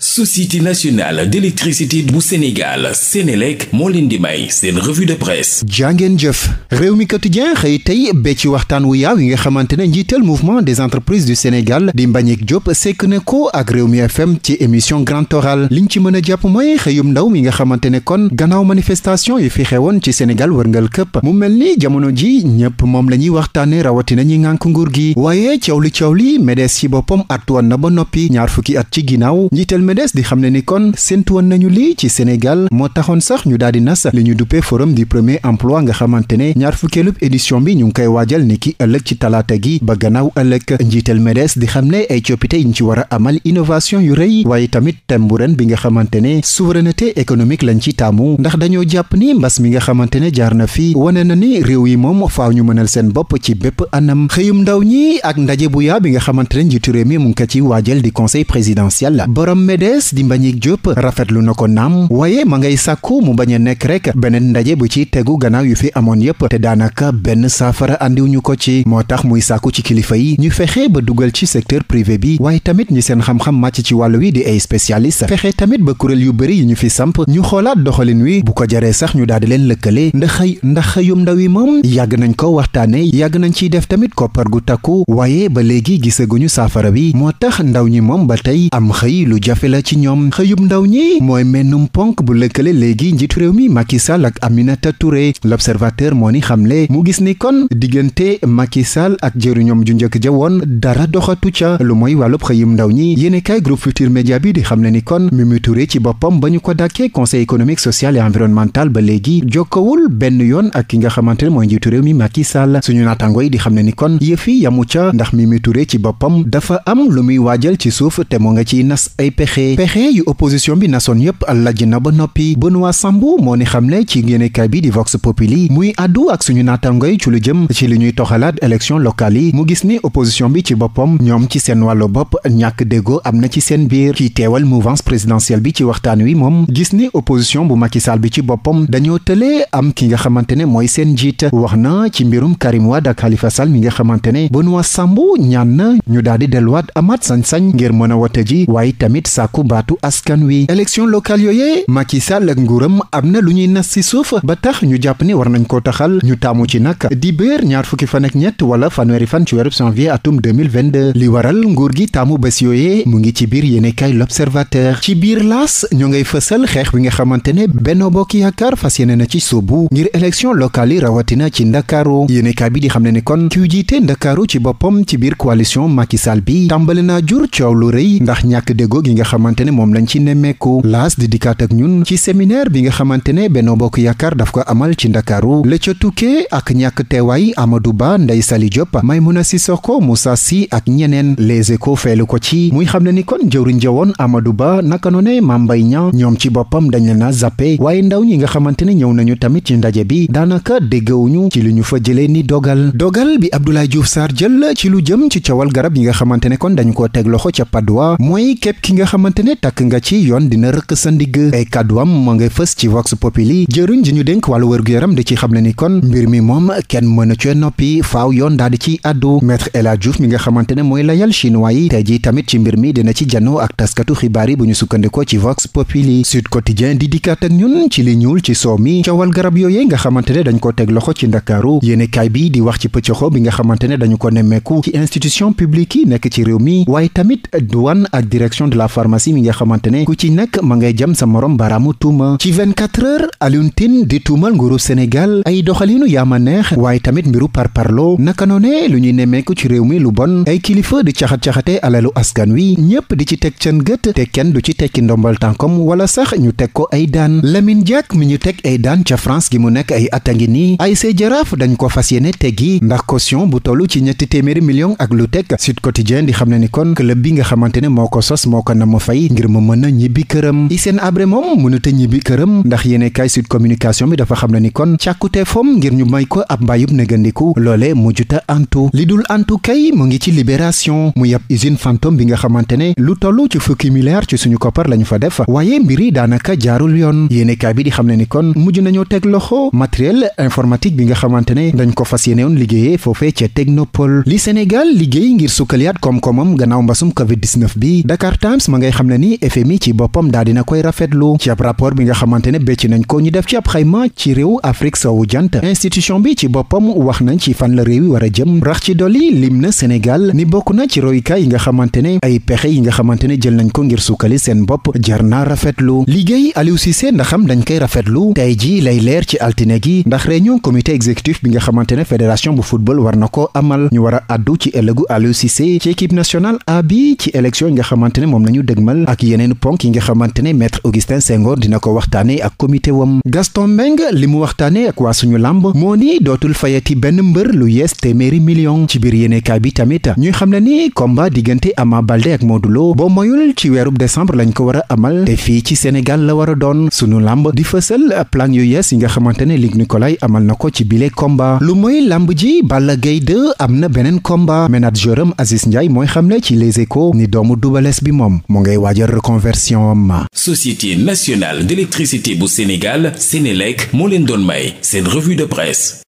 société nationale d'électricité bu Sénégal Sénélec moo leen di may seen revue de presse jàngeen jëf réew mi quotidien xëy tey bee ci waxtaan wu yaaw yi nga xamante ne njiital mouvement des entreprises du Sénégal di Mbagnick Diop sekk na ko ak réew mi FM ci émission Grand Oral liñ ci mën a jàpp mooy xëyum ndaw mi nga xamante ne kon gannaaw manifestation yi fi xewoon ci Sénégal wërngal këpp mu mel ni jamono ji ñëpp moom la ñuy waxtaane rawatina ñi ngànk nguur gi waaye cawli cawli MEDES ci boppam at woon na ba noppi ñaar fukki at ci ginnaaw MEDES di xam ne ni kon séntu woon nañu lii ci Sénégal moo taxoon sax ñu daal di nas li ñu duppee forum du premier emploi nga xamante ne ñaar fukkeelu édition bi ñu ngi koy waajal ni ki ëllëg ci talaata gi ba gannaaw ëllëg njiital MEDES di xam ne ay coppite yi ñu ci war a amal innovation yu rëy waaye tamit thème ren bi nga xamante ne souveraineté économique lañ ci taamu ndax dañoo jàpp ni mbas mi nga xamante ne jaar na fi wane na ni réew yi moom faaw ñu mënal seen bopp ci bépp anam xëyum ndaw ñi ak ndaje bu yaa bi nga xamante ne njiitu mi mu ngi ko ci waajal di conseil présidentiel PDS di Mbagnick Diop rafetlu na ko naam waaye ma ngay sàkku mu bañ nekk rek beneen ndaje bu ci tegu gannaaw yu fi amoon yépp te daanaka benn saafara andiw ko ci moo tax muy sàkku ci kilifa yi ñu fexe ba dugal ci secteur privé bi waaye tamit ñi seen xam-xam màcc ci wàll wi di ay spécialiste fexe tamit ba kuréel yu bëri yi ñu fi samp ñu xoolaat doxalin wi bu ko jaree sax ñu daal di leen lëkkale ndax ndax xëyum ndaw yi moom yàgg nañ ko waxtaane yàgg nañ ciy def tamit koppar gu takku waaye ba léegi gisaguñu saafara bi moo tax ndaw ñi moom ba tey am la ci ñoom xëyub ndaw ñi mooy mennum ponk bu lëkkale léegi njiitu réew mi Macky Sall ak Aminata Touré l'observateur moo ni xamle mu gis ni kon diggante Macky Sall ak jëruñoom ju njëkk ja woon dara doxatu ca lu mooy wàllub xëyub ndaw ñi yéene kaay groupe Futur Média bi di xam ne ni kon Mimi Touré ci boppam ba ñu ko dàkkee conseil économique social et environnemental ba léegi jokkowul benn yoon ak ki nga xamante ne mooy njiitu réew mi Macky Sall suñu naataango yi di xam ne ni kon yëfi yamu ca ndax Mimi Touré ci boppam dafa am lu muy waajal ci suuf te moo nga ciy nas ay pexe pexe pexe yu opposition bi nasoon yépp lajj na ba noppi Benoît Sambou moo ni xam ne ci yéenekaay bi di Vox Populi muy àddu ak suñu naatangoy ci lu jëm ci li ñuy toxalaat élection locale yi mu gis ni opposition bi ci boppam ñoom ci seen wàllu bopp ñàkk déggoo am na ci seen biir ci teewal mouvance présidentielle bi ci waxtaan wi moom gis ni opposition bu Macky Sall bi ci boppam dañoo tëlee am ki nga xamante ne mooy seen jiit wax na ci mbirum Karim Wade ak Khalifa Sall mi nga xamante ne Benoît Sambou ñaan na ñu daal di delluwaat amaat sañ-sañ ngir mën a wote ji sàkku baatu askan wi élection locale yooyee Macky Sall ak nguuram am na lu ñuy nas ci suuf ba tax ñu jàpp ni war nañ koo taxal ñu taamu ci nag di béer ñaar fukki fan ak ñett wala fanweeri fan ci weerub janvier atum 2022 li waral nguur gi taamu bés yooyee mu ngi ci biir yéenekaay l'Observateur ci biir laas ñoo ngay fësal xeex bi nga xamante ne Benno Bokk Yaakaar fas yéene na ci sóobu ngir élection locale yi rawatina ci ndakaaru yéenekaay bi di xam ne ne kon kiy ndakaaru ci boppam ci biir coalition Macky Sall bi xamante ne moom lañu ci nemmeeku laas di dikkaat ak ñun ci séminaire bi nga xamante ne Benno Bokk Yaakaar daf ko amal ci Ndakaaru la ca tukkee ak ñàkk teewaay amadu Ba ndey Sali may Diop Maimouna Sissoko Moussa si ak ñeneen Les Échos feelu ko ci muy xam ne ni kon jëwriñ jawoon amadu Ba naka noone Mame Mbaye Niang ñoom ci boppam dañ leen a zappe waaye ndaw ñi nga xamante ne ñëw nañu tamit ci ndaje bi daanaka déggawuñu ci lu ñu fa jëlee ni dogal dogal bi Abdoulaye Diouf Sarr jël ci lu jëm ci coowal garab yi nga xamante ne kon dañu ko teg loxo ca xamante ne tàkk nga ci yoon dina rëkk sa ndigg ay kàdduwam moo ngay fës ci vox populi jëruñ ji ñu dénk wàllu wér yaram di ci xam ne ni kon mbir mi moom kenn mën a cee noppi faaw yoon daal di ciy àddu maître El Hadji Diouf mi nga xamante ne mooy layal chinois yi tey ji tamit ci mbir mi dina ci janoo ak taskatu xibaar yi bu ñu sukkandikoo ci vox populi sud quotidien di dikkaat ak ñun ci li ñuul ci soow mi coowal garab yooyee nga xamante ne dañ ko teg loxo ci ndakaaru yéenekaay bi di wax ci pëccëxoo bi nga xamante ne dañu ko nemmeeku ci institution yi nekk ci réew mi waaye tamit douane ak la pharmacie mi nga xamante ne ku ci nekk ma ngay jam sa morom baraamu tuuma ci 24 heures Alioune Tine di tuumal nguuru Sénégal ay doxalinu yaama neex waaye tamit mbiru parparloo naka noone lu ñuy nemmeeku ci réew mi lu bon ay kilifa di caxat-caxate alalu askan wi ñépp di ci teg seen gët te kenn du ci tekki ndombal tànkom wala sax ñu teg ko ay daan Lamine Diack mi ñu teg ay daan ca France gi mu nekk ay at a ngi nii ay see jaraaf ko fas yéene teggi ndax caution bu tollu ci ñetti téeméeri million ak lu teg Sud Quotidien di xam ne ma fay ngir ma mën a ñibbi këram Hissène Habré moom mënata ñibbi këram ndax yéene kaay Communication bi dafa xam ne ni kon càkkuteefam ngir ñu may ko ab mbayub négandiku loole mujjuta antu li dul antu kay mu ngi ci libération mu yab usine fantôme bi nga xamante ne lu toll ci fukki milliards ci suñu koppar lañu fa def waaye mbiri daanaka jaarul yoon yéene kaay bi di xam ne ni kon mujj nañoo teg loxo matériel informatique bi nga xamante ne dañ ko fas yéene woon liggéeyee foofee ca Technopole li Sénégal liggéey ngir sukkaliyaat koom-koomam ngay xam ne ni FMI ci boppam daal dina koy rafetlu ci ab rapport bi nga xamante ne bécc nañ ko ñu def ci ab xayma ci réew Afrique sowu jant institution bi ci boppam wax nañ ci fan la réew yi war a jëm rax ci dolli lim na Sénégal ni bokk na ci royukaay yi nga xamante ay pexe yi nga xamante jël nañ ko ngir sukkali seen bopp jar naa rafetlu liggéey Aliou ndaxam dañ koy rafetlu tey ji lay leer ci altine gi ndax réunion comité exécutif bi nga xamante ne fédération bu football war na ko amal ñu war a àddu ci ëllëgu Aliou A bi dëgmal ak yeneen ponk yi nga xamante ne maître Augustin Senghor dina ko waxtaane ak comité wam Gaston Mbengue li mu waxtaane ak waa suñu làmb moo ni dootul fayati benn mbër lu yees téeméeri million ci biir yéenekaay bi tamit ñuy xam ne ni combat diggante amaa Baldé ak Modou Lo boo moyul ci weerub décembre lañ ko war a amal te fii ci Sénégal la war a doon suñu làmb di fësal plan yu yees yi nga xamante ne Luc Nicolaï amal na ko ci bile combat lu mooy làmb ji Balla Gaye am na beneen combat manageram Aziz Ndiaye mooy xam ne ci Les Échos ni doomu bi moom waa waajal reconversion am société nationale d'électricité bu Sénégal Sénélec moo leen doon may seen revue de presse